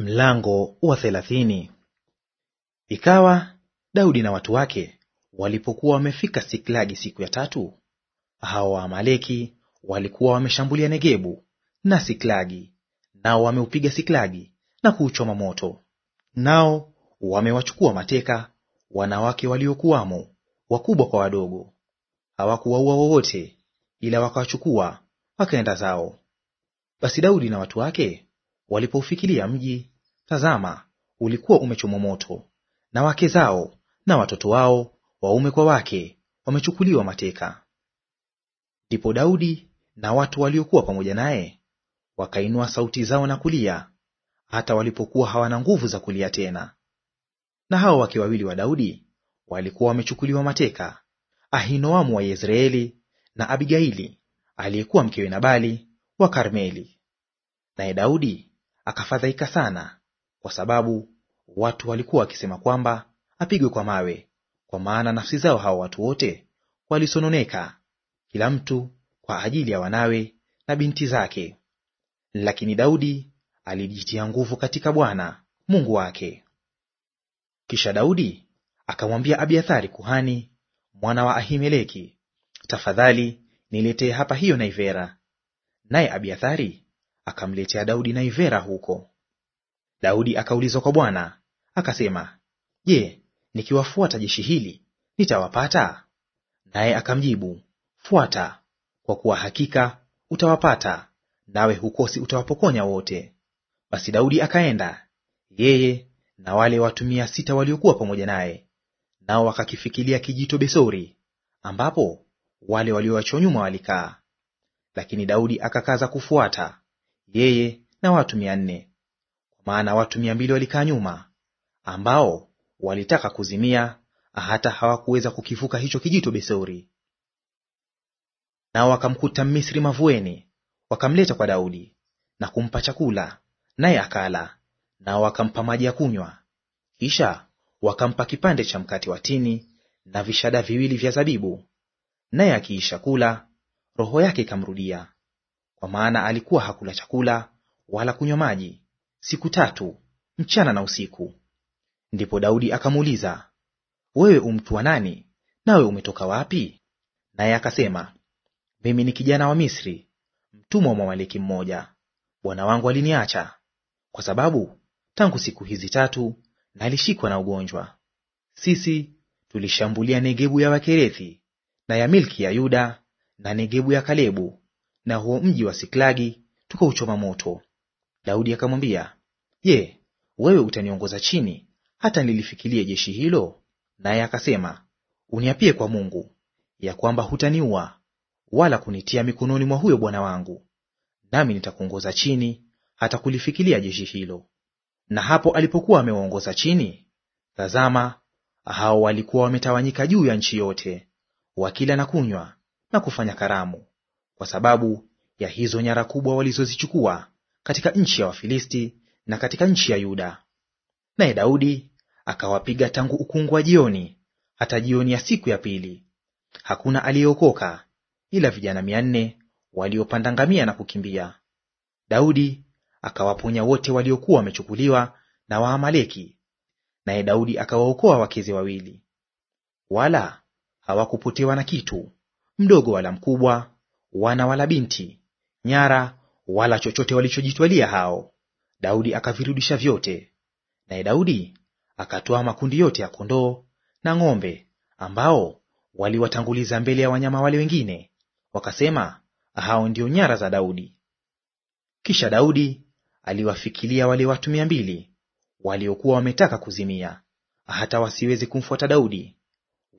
Mlango wa thelathini. Ikawa Daudi na watu wake walipokuwa wamefika Siklagi siku ya tatu, hao Waamaleki walikuwa wameshambulia Negebu na Siklagi, nao wameupiga Siklagi na kuuchoma moto, nao wamewachukua mateka wanawake waliokuwamo, wakubwa kwa wadogo. Hawakuwaua wowote, ila wakawachukua wakaenda zao. Basi Daudi na watu wake Walipoufikilia mji, tazama, ulikuwa umechomwa moto, na wake zao na watoto wao waume kwa wake wamechukuliwa mateka. Ndipo Daudi na watu waliokuwa pamoja naye wakainua sauti zao na kulia, hata walipokuwa hawana nguvu za kulia tena. Na hao wake wawili wa Daudi walikuwa wamechukuliwa mateka, Ahinoamu wa Yezreeli na Abigaili aliyekuwa mkewe Nabali wa Karmeli. Naye Daudi akafadhaika sana, kwa sababu watu walikuwa wakisema kwamba apigwe kwa mawe, kwa maana nafsi zao hao watu wote walisononeka, kila mtu kwa ajili ya wanawe na binti zake. Lakini Daudi alijitia nguvu katika Bwana Mungu wake. Kisha Daudi akamwambia Abiathari kuhani, mwana wa Ahimeleki, tafadhali niletee hapa hiyo naivera. Naye Abiathari akamletea Daudi Ivera huko. Daudi akaulizwa kwa Bwana akasema, Je, nikiwafuata jeshi hili nitawapata? Naye akamjibu, Fuata, kwa kuwa hakika utawapata, nawe hukosi utawapokonya wote. Basi Daudi akaenda yeye na wale watu mia sita waliokuwa pamoja naye, nao wakakifikilia kijito Besori, ambapo wale walioachwa nyuma walikaa. Lakini Daudi akakaza kufuata, yeye na watu mia nne. Kwa maana watu mia mbili walikaa nyuma, ambao walitaka kuzimia, hata hawakuweza kukivuka hicho kijito beseuri Nao wakamkuta Misri mavueni, wakamleta kwa Daudi na kumpa chakula, naye akala. Nao wakampa maji ya kunywa, kisha wakampa kipande cha mkate wa tini na vishada viwili vya zabibu, naye akiisha kula, roho yake ikamrudia kwa maana alikuwa hakula chakula wala kunywa maji siku tatu mchana na usiku. Ndipo Daudi akamuuliza, wewe umtu wa nani, nawe umetoka wapi? Naye akasema, mimi ni kijana wa Misri, mtumwa wa Mwamaleki mmoja. Bwana wangu aliniacha, kwa sababu tangu siku hizi tatu nalishikwa na ugonjwa. Sisi tulishambulia Negebu ya Wakerethi na ya milki ya Yuda na Negebu ya Kalebu na huo mji wa Siklagi tukauchoma moto. Daudi akamwambia, Je, wewe utaniongoza chini hata nilifikilie jeshi hilo? Naye akasema, uniapie kwa Mungu ya kwamba hutaniua wala kunitia mikononi mwa huyo bwana wangu, nami nitakuongoza chini hata kulifikilia jeshi hilo. Na hapo alipokuwa amewaongoza chini, tazama, hao walikuwa wametawanyika juu ya nchi yote, wakila na kunywa na kufanya karamu kwa sababu ya hizo nyara kubwa walizozichukua katika nchi ya Wafilisti na katika nchi ya Yuda. Naye Daudi akawapiga tangu ukungu wa jioni hata jioni ya siku ya pili, hakuna aliyeokoka ila vijana mia nne waliopanda ngamia na kukimbia. Daudi akawaponya wote waliokuwa wamechukuliwa na Waamaleki, naye Daudi akawaokoa wakeze wawili. Wala hawakupotewa na kitu, mdogo wala mkubwa, wana wala binti, nyara wala chochote walichojitwalia hao. Daudi akavirudisha vyote. Naye Daudi akatoa makundi yote ya kondoo na ng'ombe ambao waliwatanguliza mbele ya wanyama wale wengine, wakasema, hao ndio nyara za Daudi. Kisha Daudi aliwafikilia wale watu mia mbili waliokuwa wametaka kuzimia, hata wasiwezi kumfuata Daudi,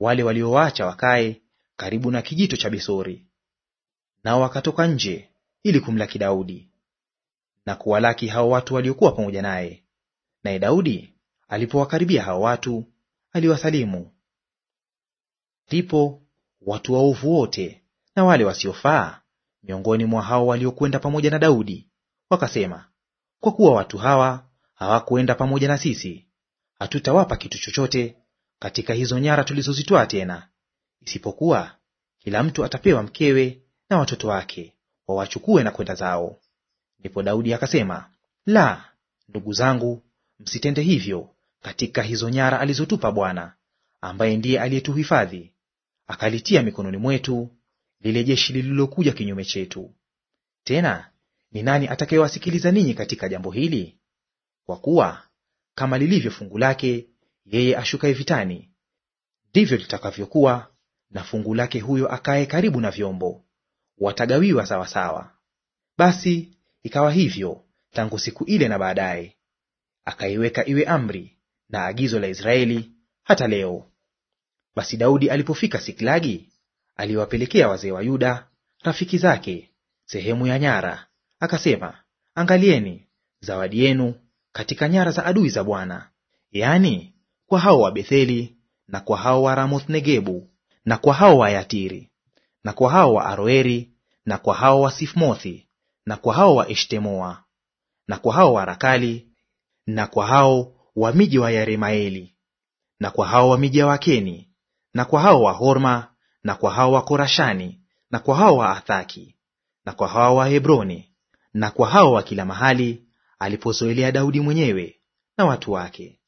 wale waliowaacha wakae karibu na kijito cha Besori nao wakatoka nje ili kumlaki Daudi na kuwalaki hao watu waliokuwa pamoja naye. Naye Daudi alipowakaribia hao watu, aliwasalimu. Ndipo watu waovu wote na wale wasiofaa miongoni mwa hao waliokwenda pamoja na Daudi wakasema, kwa kuwa watu hawa hawakuenda pamoja na sisi, hatutawapa kitu chochote katika hizo nyara tulizozitoa tena, isipokuwa kila mtu atapewa mkewe na watoto wake wawachukue na kwenda zao. Ndipo Daudi akasema, la, ndugu zangu, msitende hivyo katika hizo nyara alizotupa Bwana, ambaye ndiye aliyetuhifadhi akalitia mikononi mwetu lile jeshi lililokuja kinyume chetu. Tena ni nani atakayewasikiliza ninyi katika jambo hili? Kwa kuwa kama lilivyo fungu lake yeye ashukaye vitani, ndivyo litakavyokuwa na fungu lake huyo akaye karibu na vyombo watagawiwa sawasawa. Basi ikawa hivyo tangu siku ile na baadaye, akaiweka iwe amri na agizo la Israeli hata leo. Basi Daudi alipofika Siklagi, aliwapelekea wazee wa Yuda rafiki zake sehemu ya nyara, akasema, angalieni zawadi yenu katika nyara za adui za Bwana, yaani kwa hao wa Betheli na kwa hao wa Ramoth Negebu na kwa hao wa Yatiri na kwa hao wa Aroeri, na kwa hao wa Sifmothi, na kwa hao wa Eshtemoa, na kwa hao wa Rakali, na kwa hao wa miji wa yeremaeli na kwa hao wa miji ya Wakeni, na kwa hao wa Horma, na kwa hao wa Korashani, na kwa hao wa Athaki, na kwa hao wa Hebroni, na kwa hao wa kila mahali alipozoelea Daudi mwenyewe na watu wake.